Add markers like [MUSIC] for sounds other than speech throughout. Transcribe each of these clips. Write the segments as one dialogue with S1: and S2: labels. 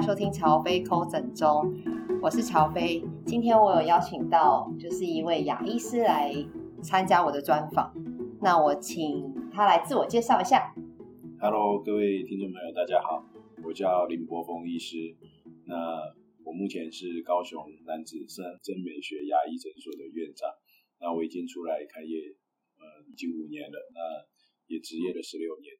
S1: 收聽喬飛摳診中，我是喬飛，今天我有邀請到就是一位牙醫師來參加我的專訪。那我請他來自我介紹一下。
S2: Hello，各位聽眾朋友，大家好，我叫林柏豐醫師。那我目前是高雄楠梓森森美學牙醫診所的院長。那我已經出來開業，呃，已經五年了，啊，也執業了十六年。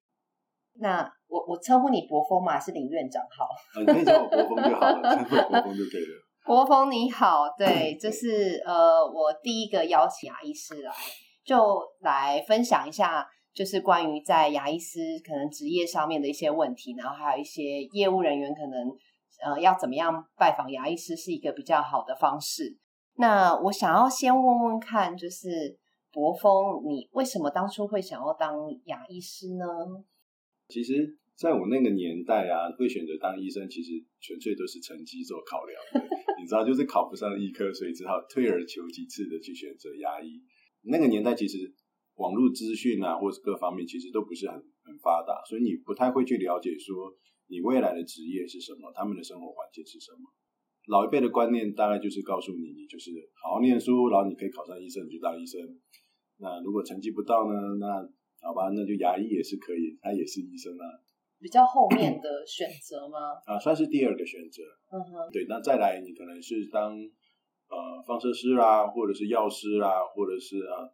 S1: 那我我稱呼你柏豐嘛，是林院長好。你可以叫我柏豐就好了，稱 [LAUGHS] 呼我柏豐就對了。柏豐你好，對，就是 [COUGHS] 呃，我第一個邀請牙醫師來，啊，就來分享一下，就是關於在牙醫師可能職業上面的一些問題，然後還有一些業務人員可能呃要怎麼樣拜訪牙醫師是一個比較好的方式。那我想要先問問看，就是柏豐，你為什麼當初會想要當牙醫師呢？
S2: 其實，在我那個年代啊，會選擇當醫生，其實純粹都是成績做考量的。 [LAUGHS] 你知道，就是考不上醫科，所以只好退而求其次的去選擇牙醫。那個年代其實網絡資訊啊，或者各方面其實都不是很很發達，所以你不太會去了解說你未來的職業是什麼，他們的生活環境是什麼。老一輩的觀念大概就是告訴你，你就是好好念書，然後你可以考上醫生，你就當醫生。那如果成績不到呢，那好吧，那就牙醫也是可以，他也是醫生啊。
S1: 比較後面的選擇嗎 [COUGHS] ？
S2: 啊，算是第二個選擇。嗯
S1: 哼，對，
S2: 那再來你可能是當呃放射師啊，或者是藥師啊，或者是啊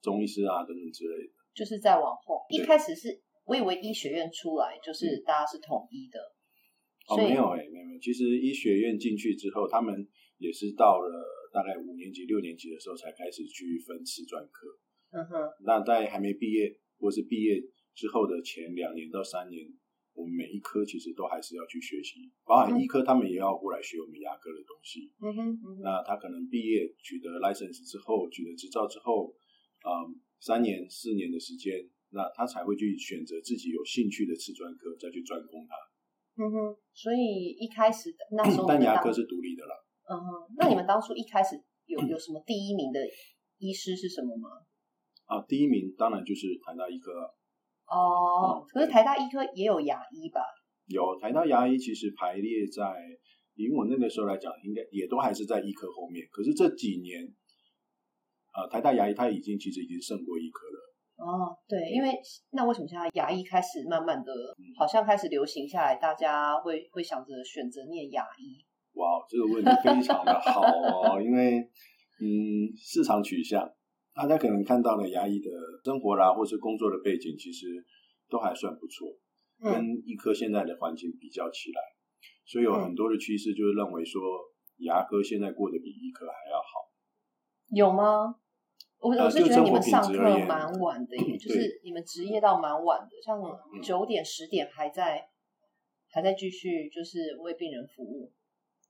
S2: 中醫師啊等等之類的。
S1: 就是再往後，一開始是我以為醫學院出來就是大家是統一的。嗯、哦，沒有哎、欸，沒有
S2: 沒有，其實醫學院進去之後，他們也是到了大概五年級、六年級的時候才開始去分次專科。Uh -huh. 那在還沒畢業，或是畢業之後的前兩年到三年，我們每一科其實都還是要去學習，包含醫科他們也要過來學我們牙科的東西。嗯哼，那他可能畢業取得 license 之後，取得執照之後，嗯，三年四年的時間，那他才會去選擇自己有興趣的次專科再去專攻它。嗯
S1: 哼，所以一開始那時候 [COUGHS] 但牙科是獨立的啦。嗯哼，那你們當初一開始有有什麼第一名的醫師是什麼嗎？
S2: 啊，第一名當然就是台大醫科
S1: 了哦、啊，可是台大醫科也有牙醫吧？
S2: 有，台大牙醫其實排列在，因為我那個時候來講，應該也都還是在醫科後面。可是這幾年，啊、台大牙醫他已經其實已經勝過醫科了。
S1: 哦，對，因為那為什麼現在牙醫開始慢慢的，嗯、好像開始流行下來，大家會會想着選擇念牙醫？
S2: 哇，這個問題非常的好哦， [LAUGHS] 因為嗯，市場取向。大家可能看到了牙醫的生活啦、啊，或是工作的背景，其實都還算不錯、嗯。
S3: 跟醫
S2: 科現在的環境比較起來，所以有很多的趨勢就是認為說，牙科現在過得比醫科還要好。
S1: 有嗎？我我是覺得你們上課蠻晚的耶、呃就，就是你們執業到蠻晚的，像九點、十點還在還在繼續，就是為病人服務。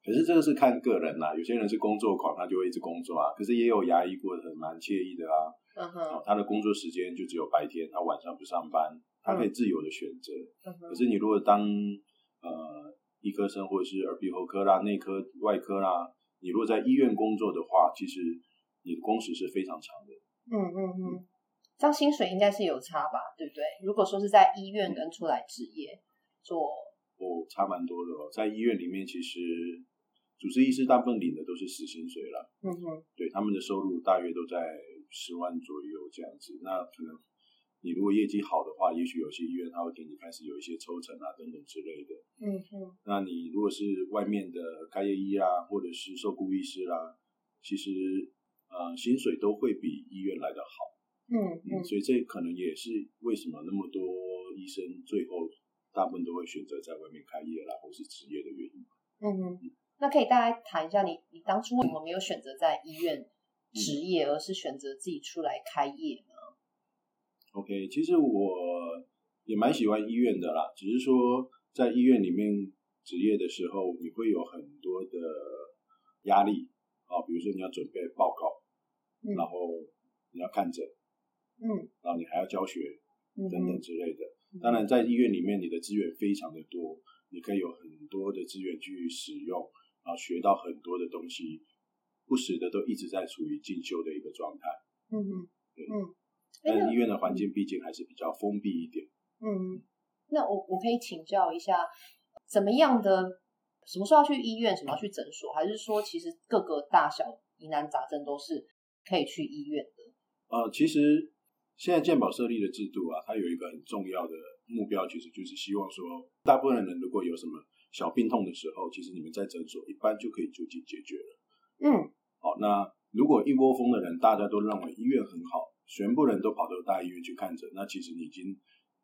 S2: 可是這個是看個人啦，有些人是工作狂，他就會一直工作啊。可是也有牙醫過得蠻愜意的啊、uh -huh. 哦，他的工作時間就只有白天，他晚上不上班，uh -huh. 他可以自由的選擇。Uh -huh. 可是你如果當呃、uh -huh. 醫科生或者是耳鼻喉科啦、內科、外科啦，你如果在醫院工作的話，其實你的工時是非常長的。嗯、uh、
S1: 嗯 -huh. 嗯，這樣薪水應該是有差吧，對不對？如果說是在醫院跟出來執業、uh -huh.
S2: 做，哦、oh,，差蠻多的哦，在醫院裡面其實。主治醫師大部分領的都是死薪水啦，嗯
S3: 哼，對，他們的
S2: 收入大約都在十萬左右這樣子。那可能你如果業績好的話，也許有些醫院他會給你開始有一些抽成啊等等之類的，嗯哼。那你如果是外面的開業醫啊，或者是受雇醫師啦、啊，其實呃薪水都會比醫院來得好，嗯嗯。所以這可能也是為什麼那麼多醫生最後大部分都會選擇在外面開業啦，或是執業的原因。嗯嗯
S1: 那可以大概談一下你，你你當初為什麼沒有選擇在醫院執業，嗯，而是選擇自己出來開業呢
S2: ？O.K.，其實我也蠻喜歡醫院的啦，只是說在醫院裡面執業的時候，你會有很多的壓力啊，比如說你要準備報告，嗯、然後你要看診，嗯，然後你還要教學、
S3: 嗯、等等
S2: 之類的。當然，在醫院裡面，你的資源非常的多，你可以有很多的資源去使用。啊，學到很多的東西，不時的都一直在處於進修的一個狀態。嗯嗯，對。嗯，但是醫院的環境畢竟還是比較封閉一點。嗯，
S1: 那我我可以請教一下，怎麼樣的，什麼時候要去醫院，什麼時候要去診所，還是說其實各個大小疑難雜症都是可以去醫院的？啊、
S2: 呃，其實現在健保設立的制度啊，它有一個很重要的目標，其實就是希望說，大部分人如果有什麼。小病痛的時候，其實你們在診所一般就可以就近解決了。嗯，好，那如果一窩蜂的人，大家都認為醫院很好，全部人都跑到大醫院去看診，那其實你已經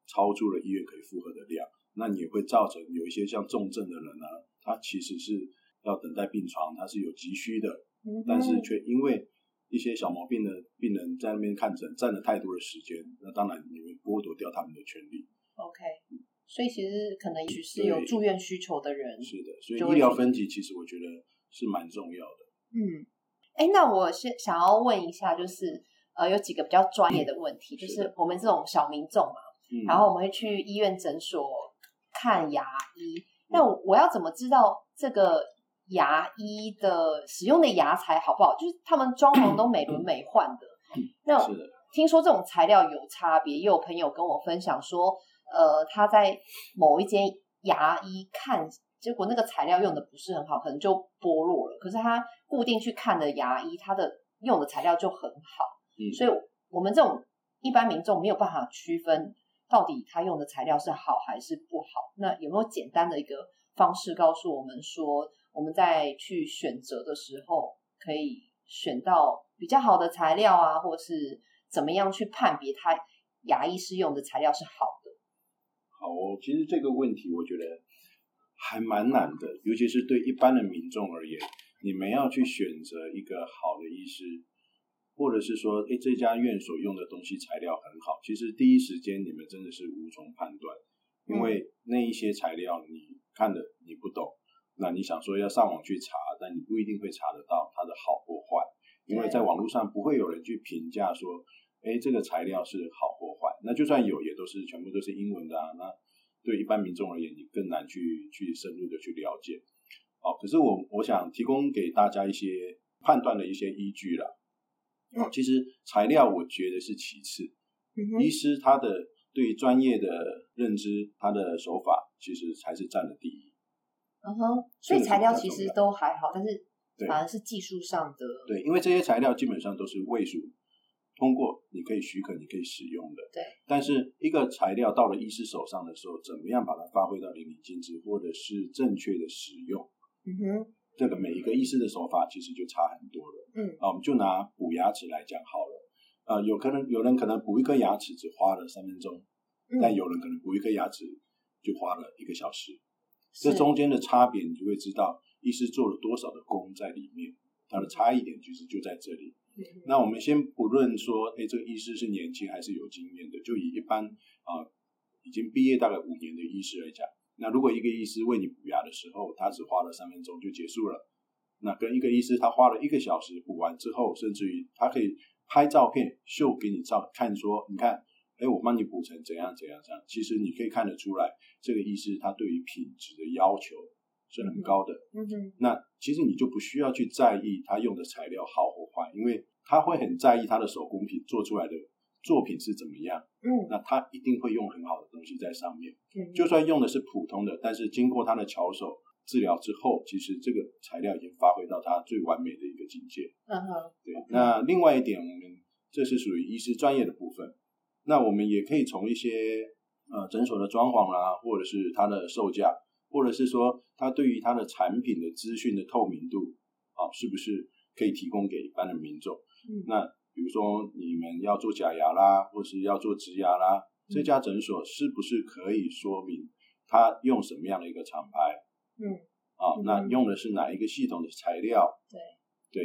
S2: 超出了醫院可以負荷的量。那你也會造成有一些像重症的人呢、啊，他其實是要等待病床，他是有急需的，嗯、但是卻因為一些小毛病的病人在那邊看診，佔了太多的時間，那當然你會剝奪掉他們的權利。
S1: OK、嗯。所以其實可能也許是有住院需求的人，對是的，所以醫療
S2: 分級其實我覺得是蠻重要的。
S1: 嗯，哎，那我先想要問一下，就是呃，有幾個比較專業的問題，就是我們這種小民眾嘛，
S3: 然後我們
S1: 會去醫院診所看牙醫，嗯，那我要怎麼知道這個牙醫的使用的牙材好不好？就是他們裝潢都美輪美奐的，的，那聽說這種材料有差別，也有朋友跟我分享說，呃，他在某一間牙醫看，結果那個材料用的不是很好，可能就剝落了。可是他固定去看的牙醫，他的用的材料就很好。嗯，所以我們這種一般民眾沒有辦法區分到底他用的材料是好還是不好。那有沒有簡單的一個方式告訴我們說，我們在去選擇的時候可以選到比較好的材料啊，或是怎麼樣去判別他牙醫是用的材料是好？
S2: 好哦，其實這個問題我覺得還蠻難的，尤其是對一般的民眾而言，你們要去選擇一個好的醫師，或者是說，哎，這家院所用的東西材料很好，其實第一時間你們真的是無從判斷，因為那一些材料你看的你不懂，那你想說要上網去查，但你不一定會查得到它的好或壞，因為在網絡上不會有人去評價說，哎，這個材料是好。那就算有，也都是全部都是英文的啊。那對一般民眾而言，你更難去去深入的去了解。好、哦，可是我我想提供給大家一些判斷的一些依據啦。哦，其實材料我覺得是其次，
S1: 嗯哼，醫
S2: 師他的對專業的認知，他的手法其實才是佔了第一。嗯
S1: 哼，所以材料其實都還好，但是反而是技術上的。
S2: 對，因為這些材料基本上都是位數。通過你可以許可，你可以使用的，對。但是一個材料到了醫師手上的時候，怎麼樣把它發揮到淋漓盡致，或者是正確的使用，嗯哼，這個每一個醫師的手法其實就差很多了，嗯。啊，我們就拿補牙齒來講好了，啊，有可能有人可能補一顆牙齒只花了三分鐘，但有人可能補一顆牙齒就花了一個小時，嗯。這中間的差別你就會知道醫師做了多少的功在裡面，它的差異點其實就在這裡。 [NOISE] 那我們先不論說，哎，這個醫師是年輕還是有經驗的，就以一般啊、呃、已經畢業大概五年的醫師來講，那如果一個醫師為你補牙的時候，他只花了三分鐘就結束了，那跟一個醫師他花了一個小時補完之後，甚至於他可以拍照片秀給你照看說，你看，哎，我幫你補成這樣怎樣怎樣這樣，其實你可以看得出來，這個醫師他對於品質的要求。是很高的，嗯、mm -hmm. 那其實你就不需要去在意他用的材料好或壞，因為他會很在意他的手工品做出來的作品是怎麼樣，嗯、mm -hmm.，那他一定會用很好的東西在上面，okay. 就算用的是普通的，但是經過他的巧手治療之後，其實這個材料已經發揮到它最完美的一個境界，嗯
S3: 哼，對。Okay.
S2: 那另外一點，我們這是屬於醫師專業的部分，那我們也可以從一些呃診所的裝潢啦、啊，或者是它的售價。或者是說，他對於他的產品的資訊的透明度啊，是不是可以提供給一般的民眾？嗯、那比如說，你們要做假牙啦，或是要做植牙啦、嗯，這家診所是不是可以說明他用什麼樣的一個廠牌？嗯，啊，嗯、那用的是哪一個系統的材料？對，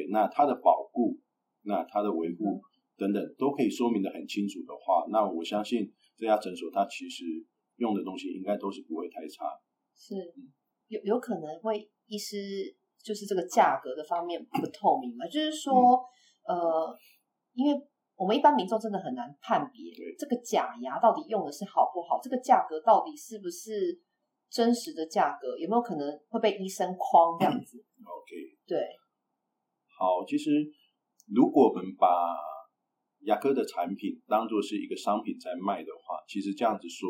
S2: 對，那它的保固，那它的維護等等，嗯、都可以說明得很清楚的話，那我相信這家診所它其實用的東西應該都是不會太差。
S1: 是有有可能會醫師就是這個價格的方面不透明嘛？ [COUGHS] 就是說、嗯，呃，因為我們一般民眾真的很難判別這個假牙到底用的是好不好，這個價格到底是不是真實的價格，有沒有可能會被醫生誆，這樣子 [COUGHS] ？OK，對，
S2: 好，其實如果我們把牙科的產品當做是一個商品在賣的話，其實這樣子說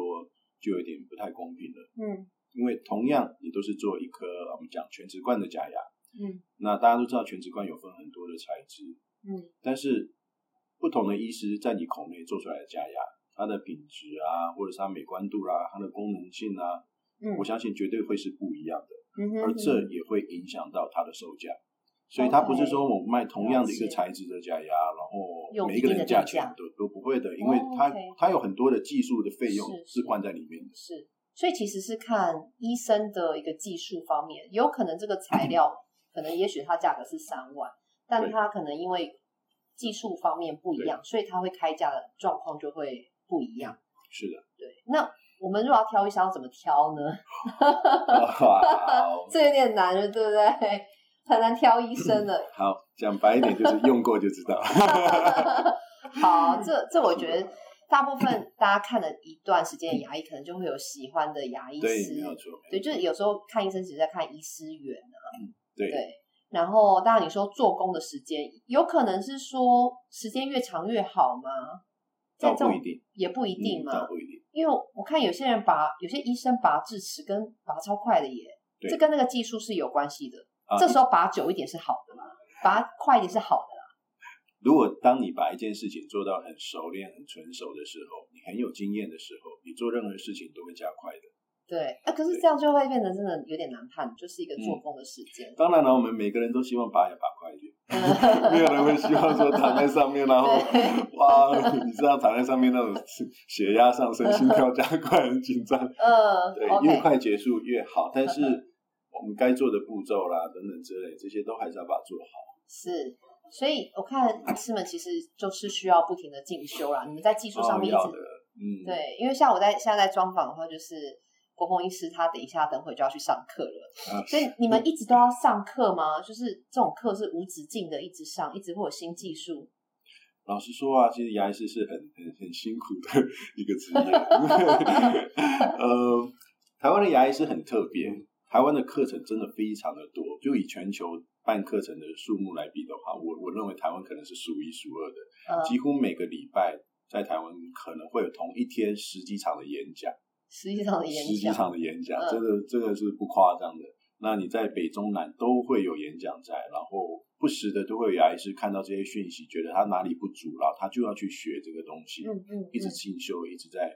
S2: 就有點不太公平了，嗯。因為同樣，你都是做一顆我們講全瓷冠的假牙，嗯，那大家都知道全瓷冠有分很多的材質，嗯，但是不同的醫師在你口內做出來的假牙，它的品質啊，或者是它美觀度啊，它的功能性啊，嗯，我相信絕對會是不一樣的，嗯
S3: 哼哼，而這
S2: 也會影響到它的售價，嗯，
S3: 所以它不
S2: 是說我賣同樣的一個材質的假牙，嗯，然後每一個人價錢都有一定的定價，都不會的，因為它，嗯 okay，它有很多的技術的費用是灌在裡面的，是，是。是
S1: 所以其實是看醫生的一個技術方面，有可能這個材料可能也許它價格是三萬，但它可能因為技術方面不一樣，所以它會開價的狀況就會不一樣。
S3: 是的，
S1: 對。那我們如果要挑一下要怎麼挑呢？
S2: 哇、oh,
S1: wow.， [LAUGHS] 這有點難了，對不對？很難挑醫生了。
S2: [LAUGHS] 好，講白一點就是用過就知道。
S1: [LAUGHS] [LAUGHS] 好，這這我覺得。大部分大家看了一段時間的牙醫，可能就會有喜歡的牙醫師。嗯、對，沒錯。對，就是有時候看醫生只是在看醫師緣啊。嗯，對。對，然後，當然你說做工的時間，有可能是說時間越長越好嗎？在這不一定，也不一定嘛。這、嗯、不一定。因為我看有些人拔，有些醫生拔智齒跟拔超快的耶，這跟那個技術是有關係的、啊。這時候拔久一點是好的嘛？拔快一點是好的。
S2: 如果當你把一件事情做到很熟練、很純熟的時候，你很有經驗的時候，你做任何事情都會加快的。
S1: 對，啊，可是這樣就會變得真的有點難看，就是一個做工的時間、
S2: 嗯。當然了、嗯，我們每個人都希望把也把快一點， [LAUGHS] [LAUGHS] 沒有人會希望說躺在上面， [LAUGHS] 然後哇，你知道躺在上面那種血壓上升、 [LAUGHS] 心跳加快的精、很緊張。嗯，
S1: 對， [LAUGHS] 越快
S2: 結束越好。但是我們該做的步驟啦、等等之類，這些都還是要把它做好。是。
S1: 所以我看醫師們其實就是需要不停的進修啦、啊，你們在技術上面一直、哦，嗯，對，因為像我在現在在專訪的話，就是柏豐醫師，他等一下等會就要去上課了、啊，所以你們一直都要上課嗎、嗯？就是這種課是無止境的，一直上，一直會有新技術。
S2: 老實說啊，其實牙醫師是很很很辛苦的一個職
S1: 業，
S2: [LAUGHS] [LAUGHS] 呃，台灣的牙醫師很特別。台灣的課程真的非常的多，就以全球辦課程的數目來比的話，我我認為台灣可能是數一數二的，嗯。幾乎每個禮拜在台灣可能會有同一天十幾場的演講，十幾場的演講，十幾場的演講，這個這個是不誇張的，嗯。那你在北中南都會有演講在，然後不時的都會有牙醫師看到這些訊息，覺得他哪裡不足了，他就要去學這個東西，嗯嗯，嗯，一直進修，一直在。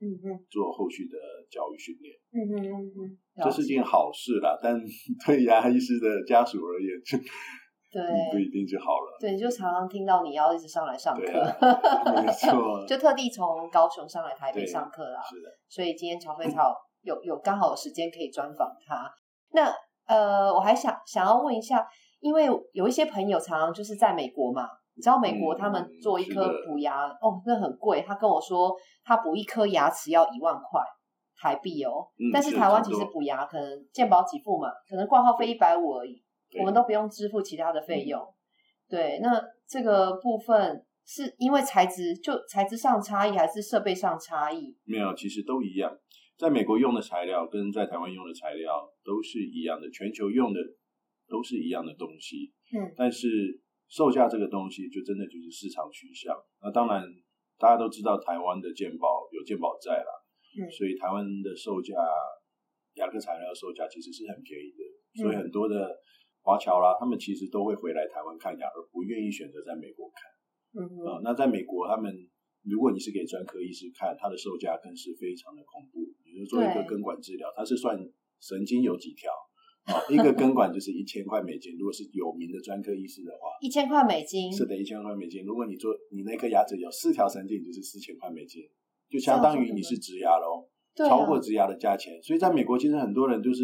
S2: 嗯哼，做後續的教育訓練，嗯哼嗯哼，這是件好事啦。但對牙、啊、醫師的家屬而言，就、嗯、
S1: 不一
S2: 定就好了。
S1: 對，就常常聽到你要一直上來上課，沒、啊、錯、啊， [LAUGHS] 就特地從高雄上來台北上課啦。是的，所以今天喬飛草有有，有剛好有時間可以專訪他。那呃，我還想想要問一下，因為有一些朋友常常就是在美國嘛。你知道美國他們做一顆補牙哦，那很貴。他跟我說，他補一顆牙齒要一萬塊台幣哦、嗯。但是台灣其實補牙可能健保給付嘛，幾，可能掛號費一百五而已，我們都不用支付其他的費用、嗯。對，那這個部分是因為材質就材質上差異還是設備上差異？
S2: 沒有，其實都一樣。在美國用的材料跟在台灣用的材料都是一樣的，全球用的都是一樣的東西。嗯，但是。售價這個東西就真的就是市場取向。那當然，大家都知道台灣的健保有健保在啦、嗯，所以台灣的售價，牙科材料售價其實是很便宜的。嗯、所以很多的華僑啦，他們其實都會回來台灣看牙，而不願意選擇在美國看。
S3: 啊、嗯呃，那
S2: 在美國他們，如果你是給專科醫師看，它的售價更是非常的恐怖。比如做一個根管治療，它是算神經有幾條？ [LAUGHS] 一個根管就是一千塊美金，如果是有名的專科醫師的話，一
S1: 千塊美金是的，
S2: 一千塊美金。如果你做你那顆牙齒有四條神經，你就是四千塊美金，就相當於你是植牙咯超,超過植牙的價錢、啊。所以在美國，其實很多人就是，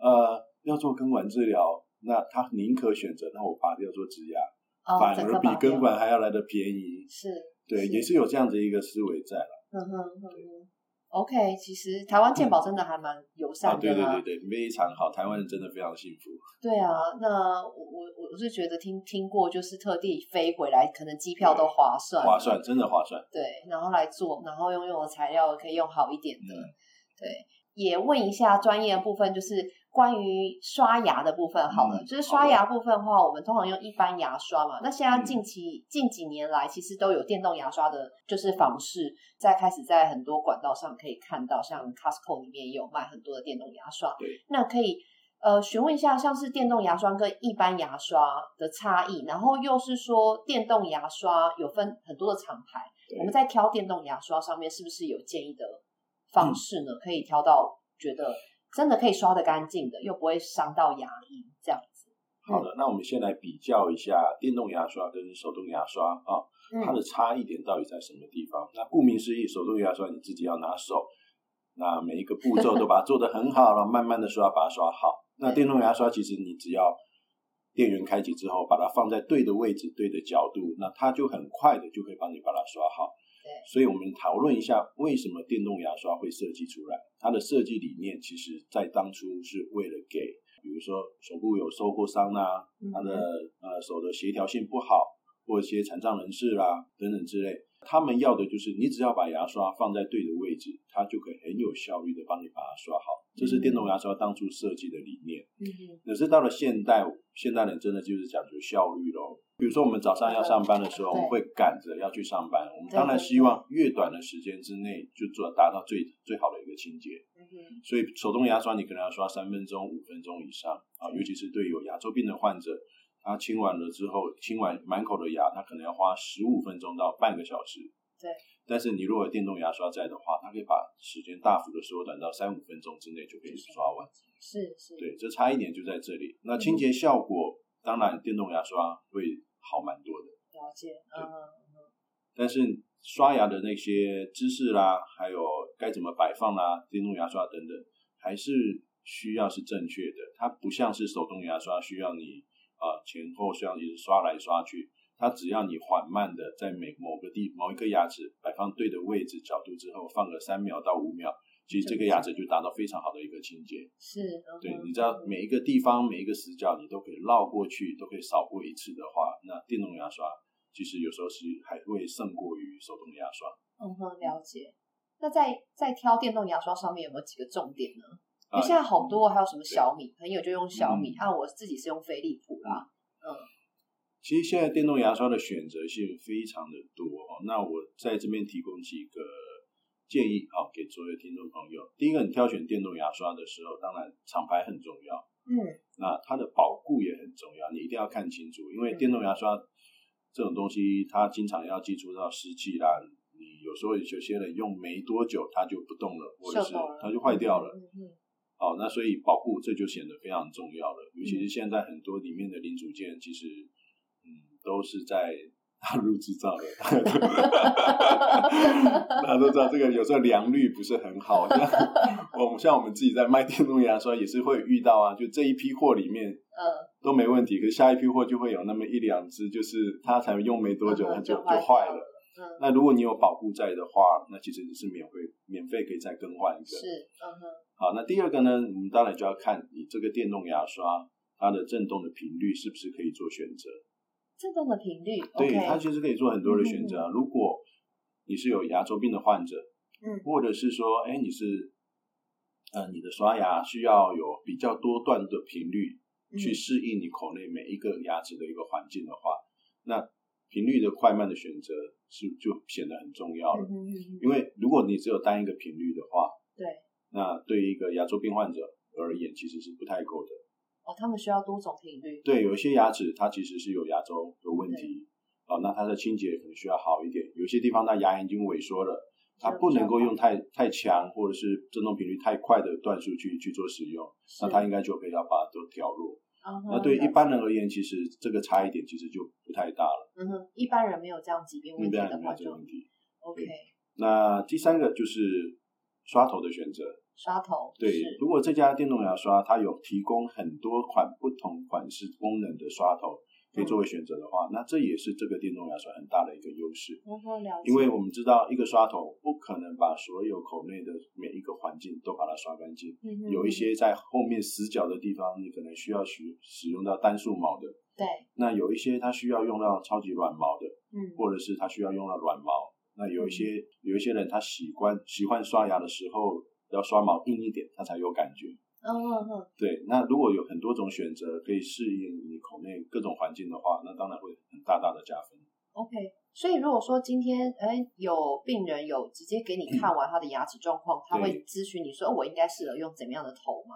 S2: 呃，要做根管治療，那他寧可選擇那我拔掉做植牙、哦，反而比根管還要來得便宜、哦。是，對是，也是有這樣子一個思維在了。
S1: 嗯哼，嗯哼 OK，其實台灣健保真的還蠻友善的、啊嗯，對對
S2: 對對，非常好。台灣人真的非常的幸福。
S1: 對啊，那我我我是覺得聽聽過，就是特地飛回來，可能機票都划算，划算，
S2: 真的划算。
S1: 對，然後來做，然後用用的材料可以用好一點的，嗯、對，也問一下專業的部分，就是。關於刷牙的部分，好了、嗯，就是刷牙部分的話，我們通常用一般牙刷嘛。那現在近期、嗯、近幾年來，其實都有電動牙刷的，就是方式在開始在很多管道上可以看到，像 Costco 裡面也有賣很多的電動牙刷。對。那可以呃詢問一下，像是電動牙刷跟一般牙刷的差異，然後又是說電動牙刷有分很多的廠牌，對。我們在挑電動牙刷上面是不是有建議的方式呢？嗯、可以挑到覺得。真的可以刷得乾淨的，又不會傷到牙齦，這樣子、嗯。
S2: 好的，那我們先來比較一下電動牙刷跟手動牙刷啊、哦，它的差異點到底在什麼地方、嗯？那顧名思義，手動牙刷你自己要拿手，那每一個步驟都把它做得很好了， [LAUGHS] 然後慢慢的刷，把它刷好。那電動牙刷其實你只要電源開啟之後，把它放在對的位置、對的角度，那它就很快的就可以幫你把它刷好。所以，我們討論一下為什麼電動牙刷會設計出來。它的設計理念，其實在當初是為了給，比如說手部有受過傷啊，他的呃手的協調性不好，或者一些殘障人士啊等等之類。他們要的就是你只要把牙刷放在對的位置，它就可以很有效率的幫你把它刷好。這是電動牙刷當初設計的理念。嗯、mm-hmm.，可是到了現代，現代人真的就是講究效率咯。比如說我們早上要上班的時候，uh, 我們會趕着要去上班，我們當然希望越短的時間之內就做達到最最好的一個清潔。嗯
S3: 哼，
S2: 所以手動牙刷你可能要刷三分鐘、五分鐘以上啊，尤其是對有牙周病的患者。它、啊、清完了之後，清完滿口的牙，它可能要花十五分鐘到半個小時。對。但是你如果有電動牙刷在的話，它可以把時間大幅的縮短到三五分鐘之內就可以刷完。是是。對，這差一點就在這裡。那清潔效果、嗯、當然電動牙刷會好蠻多的。嗯、了解。嗯。但是刷牙的那些姿勢啦，還有該怎麼擺放啦，電動牙刷等等，還是需要是正確的。它不像是手動牙刷需要你。啊，前後像就是刷來刷去，它只要你緩慢的在每某個地某一顆牙齒擺放對的位置角度之後，放個三秒到五秒，其實這個牙齒就達到非常好的一個清潔。
S3: 是、嗯，對，
S2: 你知道每一個地方每一個死角你都可以繞過去，都可以掃過一次的話，那電動牙刷其實有時候是還會勝過於手動牙刷。嗯
S1: 哼，了解。那在在挑電動牙刷上面有沒有幾個重點呢？因為現在好多還有什麼小米，朋友就用小米，嗯、啊我自己是用飛利浦啦、啊嗯。
S2: 嗯，其實現在電動牙刷的選擇性非常的多哦。那我在這邊提供幾個建議，好給所有聽眾朋友。第一個，你挑選電動牙刷的時候，當然廠牌很重要，嗯，那它的保固也很重要，你一定要看清楚，因為電動牙刷這種東西，它經常要接觸到濕氣啦，你有時候有些人用沒多久，它就不動了，了，或者是它就壞掉了，嗯。嗯嗯好、哦，那所以保護這就顯得非常重要了，尤其是現在很多裡面的零組件，其實嗯都是在大陸製造的， [LAUGHS] [LAUGHS] 大家都知道這個有時候良率不是很好，像我們像我們自己在賣電動牙刷也是會遇到啊，就這一批貨裡面嗯都沒問題，可是下一批貨就會有那麼一兩隻，就是它才用沒多久它 [LAUGHS] 就就壞了。嗯、那如果你有保固在的話，那其實你是免費免費可以再更換一個。是，嗯
S3: 哼。
S2: 好，那第二個呢，我們當然就要看你這個電動牙刷它的震動的頻率是不是可以做選擇？
S1: 震動的頻率，對，okay、它其
S2: 實可以做很多的選擇、啊嗯哼哼哼。如果你是有牙周病的患者，
S1: 嗯，
S2: 或者是說，哎，你是，呃，你的刷牙需要有比較多段的頻率去適應你口內每一個牙齒的一個環境的話，那、嗯。嗯頻率的快慢的選擇是就顯得很重要
S1: 了
S2: [MUSIC] 因為如果你只有單一個頻率的話，對，那對於一個牙周病患者而言，其實是不太夠的。
S1: 哦，他們需要多種頻率。對，
S2: 有些牙齒它其實是有牙周的問題，啊、哦，那它的清潔可能需要好一點。有些地方那牙齦已經萎縮了，它不能夠用太太強或者是振動頻率太快的段數去去做使用，那它應該就可以要把它都調弱。
S1: 那、uh -huh, 對一般
S2: 人而言，其實這個差異點，其實就不太大了。嗯哼，
S1: 一般人沒有這樣疾病問題這個
S2: 問題。OK。那第三個就是刷頭的選擇。
S1: 刷頭。
S2: 對，如果這家電動牙刷它有提供很多款不同款式功能的刷頭。嗯、可以作為選擇的話，那這也是這個電動牙刷很大的一個優勢、
S3: 哦。因為我
S2: 們知道，一個刷頭不可能把所有口內的每一個環境都把它刷乾淨、嗯嗯嗯，有一些在後面死角的地方，你可能需要使使用到單數毛的。對。那有一些它需要用到超級軟毛的，嗯，或者是它需要用到軟毛、嗯。那有一些有一些人他喜歡喜歡刷牙的時候要刷毛硬一點，他才有感覺。嗯嗯嗯，對，那如果有很多種選擇可以適應你口內各種環境的話，那當然會很大大的加分。
S1: OK，所以如果說今天哎有病人有直接給你看完他的牙齒狀況，嗯，他會諮詢你說，哦，我應該適合用怎麼樣的頭嗎？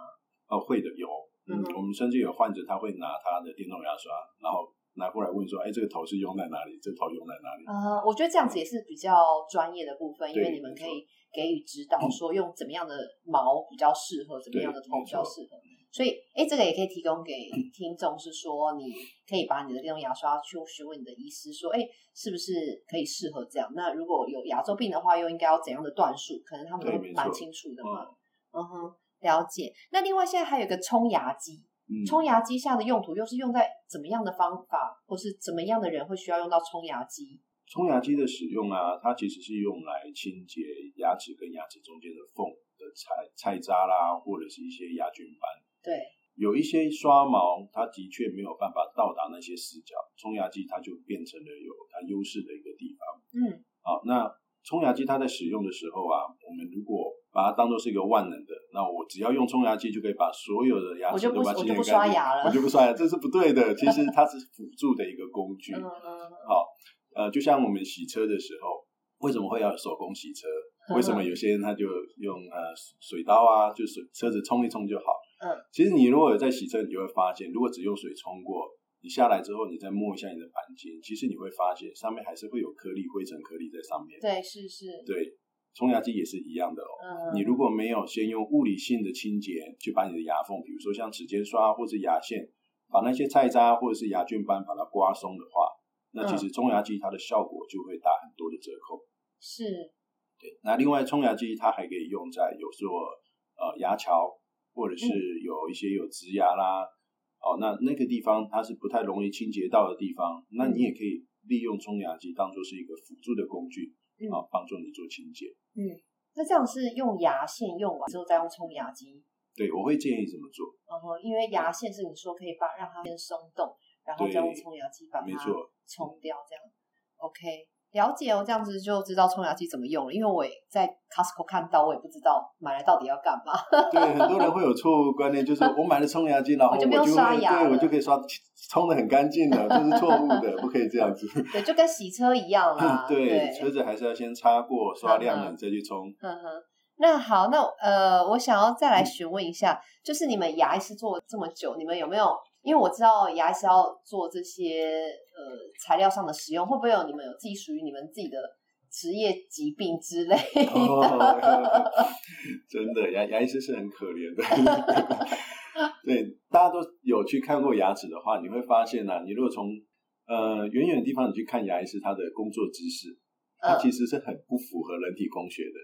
S2: 哦，會的，有，Uh-huh. 嗯，我們甚至有患者，他會拿他的電動牙刷，然後。拿過來問說，哎、欸，這個頭是用在哪裡？這個頭用在哪裡？啊、uh
S1: -huh,，我覺得這樣子也是比較專業的部分，mm -hmm. 因為你們可以給予指導，說用怎麼樣的毛比較適合，mm -hmm. 怎麼樣的頭比較適合。Mm -hmm. 所以，哎、欸，這個也可以提供給聽眾，是說你可以把你的電動牙刷去詢問你的醫師，說，哎、欸，是不是可以適合這樣？那如果有牙周病的話，又應該要怎樣的段數？可能他們都蠻清楚的嘛。嗯哼，了解。那另外現在還有一個沖牙機。嗯，沖牙機下的用途又是用在怎麼樣的方法，或是怎麼樣的人會需要用到沖牙機？嗯，
S2: 沖牙機的使用啊，它其實是用來清潔牙齒跟牙齒中間的縫的菜菜渣啦，或者是一些牙菌斑。對，有一些刷毛，它的確沒有辦法到達那些死角，沖牙機它就變成了有它優勢的一個地方。嗯，好，那。沖牙機它在使用的時候啊，我們如果把它當做是一個萬能的，那我只要用沖牙器就可以把所有的牙齒都把清潔乾淨，我就不刷牙了，我就不刷牙，這是不對的。 [LAUGHS] 其實它是輔助的一個工具。 [LAUGHS] 好，呃，就像我們洗車的時候，為什麼會要手工洗車？為什麼有些人他就用呃水刀啊，就是車子沖一沖就好？嗯， [LAUGHS] 其實你如果有在洗車，你就會發現，如果只用水沖過。你下來之後，你再摸一下你的板筋，其實你會發現上面還是會有顆粒、灰塵顆粒在上面。對，
S3: 是是。對，
S2: 沖牙機也是一樣的哦。嗯。你如果沒有先用物理性的清潔，去把你的牙縫，比如說像齒間刷或者牙線，把那些菜渣或者是牙菌斑把它刮鬆的話，那其實沖牙機它的效果就會打很多的折扣。是。對，那另外沖牙機它還可以用在有時候呃牙橋或者是有一些有植牙啦。嗯哦、oh，那那個地方它是不太容易清潔到的地方、嗯，那你也可以利用沖牙機當做是一個輔助的工具，嗯、啊，幫助你做
S1: 清潔。嗯，那這樣是用牙線用完之後再用沖牙機？
S2: 對，我會建議這麼做。
S1: 哦、uh -huh，因為牙線是你說可以把讓它先鬆動，然後再用沖牙機把它沒錯，沖掉，這樣。OK。了解哦、喔，這樣子就知道沖牙器怎麼用了。因為我在 Costco 看到，我也不知道買來到底要幹嘛。 [LAUGHS] 對，很多人會
S2: 有錯誤觀念，就是我買了沖牙器，然後我就，我就不用刷牙了。對，我就可以刷沖得很乾淨了，這 [LAUGHS] 是錯誤的，不可以這樣子。對，
S1: 就跟洗車一樣啊。 [LAUGHS] 對，車
S2: 子還是要先擦過、刷亮了 [LAUGHS] 再去沖
S1: 沖。嗯哼，那好，那呃，我想要再來詢問一下、嗯，就是你們牙醫師做了這麼久，你們有沒有？因為我知道牙醫要做這些呃材料上的使用，會不會有你們有自己屬於你們自己的職業疾病之類？哦、
S2: [LAUGHS] 真的，牙牙醫師是很可憐的。 [LAUGHS] 對，對大家都有去看過牙齒的話，你會發現呢，啊，你如果從呃遠遠的地方你去看牙醫師，他的工作姿勢，嗯，他其實是很不符合人體工學的，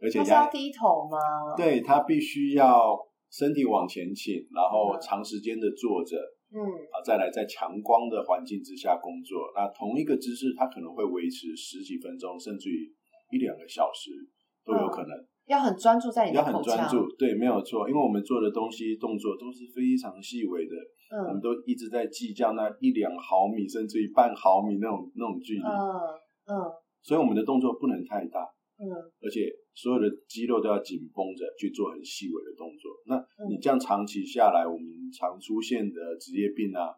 S2: 而且他要低
S1: 頭嗎？對
S2: 他必須要。身體往前傾，然後長時間的坐
S1: 着，嗯，啊，
S2: 再來在強光的環境之下工作，嗯、那同一個姿勢，它可能會維持十幾分鐘，甚至於一兩個小時都有可能、嗯。
S1: 要很專注在你的口腔。要很專注，
S2: 對，沒有錯，因為我們做的東西動作都是非常細微的，嗯，我們都一直在計較那一兩毫米，甚至於半毫米那種那種距離，嗯嗯，所以我們的動作不能太大，
S3: 嗯，
S2: 而且所有的肌肉都要緊繃着去做很細微的。你這樣長期下來，我們常出現的職業病啊，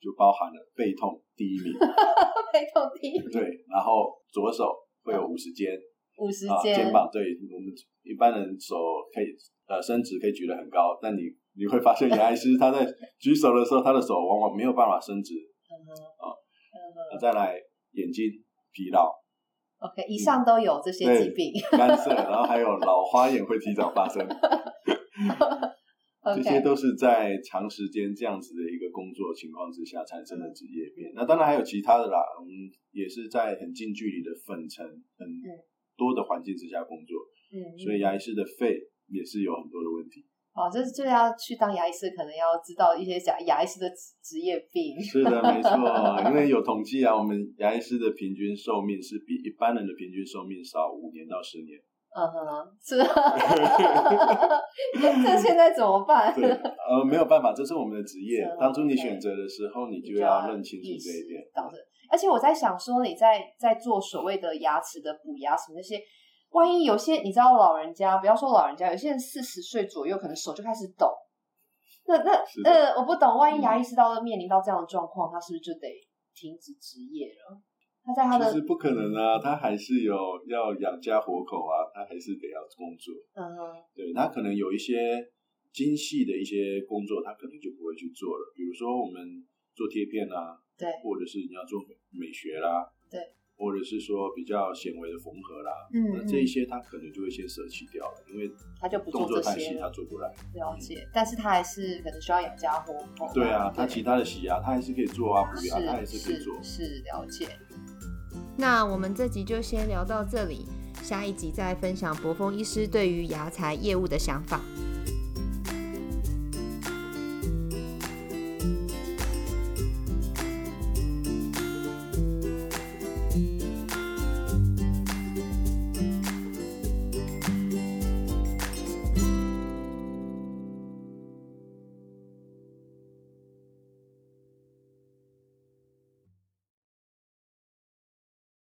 S2: 就包含了背痛第一名。
S3: [LAUGHS] 背痛第一名。對，
S2: 然後左手會有五十肩，
S3: 啊、五十肩、啊、肩膀
S2: 對，我們一般人手可以呃伸直可以舉得很高，但你你會發現，原來是他在舉手的時候， [LAUGHS] 他的手往往沒有辦法伸直。 [LAUGHS] 啊、再來眼睛疲勞。
S1: OK，以上都有這些疾病，嗯、乾澀，
S2: 然後還有老花眼會提早發生。 [LAUGHS] [LAUGHS] Okay, 這些都是在長時間這樣子的一個工作情況之下產生的職業病，嗯。那當然還有其他的啦，我們也是在很近距離的粉塵、很多的環境之下工作，嗯，所以牙醫師的肺也是有很多的問題。嗯
S1: 嗯，哦，這是要去當牙醫師，可能要知道一些假牙醫師的職業病。是的，沒錯，因為
S2: 有統計啊， [LAUGHS] 我們牙醫師的平均壽命是比一般人的平均壽命少五年到十年。
S1: 嗯哼，是，那現在怎麼辦？ [LAUGHS] 對，
S2: 呃，沒有辦法，這是我們的職業。當初你選擇的時候，你就要認清楚這一
S1: 點。而且我在想說，你在在做所謂的牙齒的補牙什麼那些，萬一有些你知道，老人家，不要說老人家，有些人四十歲左右可能手就開始抖，那那呃，我不懂，萬一牙醫師到了面臨到這樣的狀況，嗯，他是不是就得
S2: 停止職業了？他在他其實不可能啊，他還是有要養家活口啊，他還是得要工作。嗯哼，對，他可能有一些精細的一些工作，他可能就不會去做了。比如說我們做貼片啊，對，或者是你要做美學啦，對，或者是說比較顯微的縫合啦，嗯、嗯，那這一些他可能就會先捨棄掉了，因為他就不做太細，他，他做不來。了解、嗯，
S1: 但是他還是可能需要養家活口。對啊對，他其他的洗
S2: 牙、啊，他還是可以做啊，補牙、啊、他還是可以
S1: 做。是，是，是了解。那我們這集就先聊到這裡，下一集再分享柏豐醫師對於牙材業務的想法。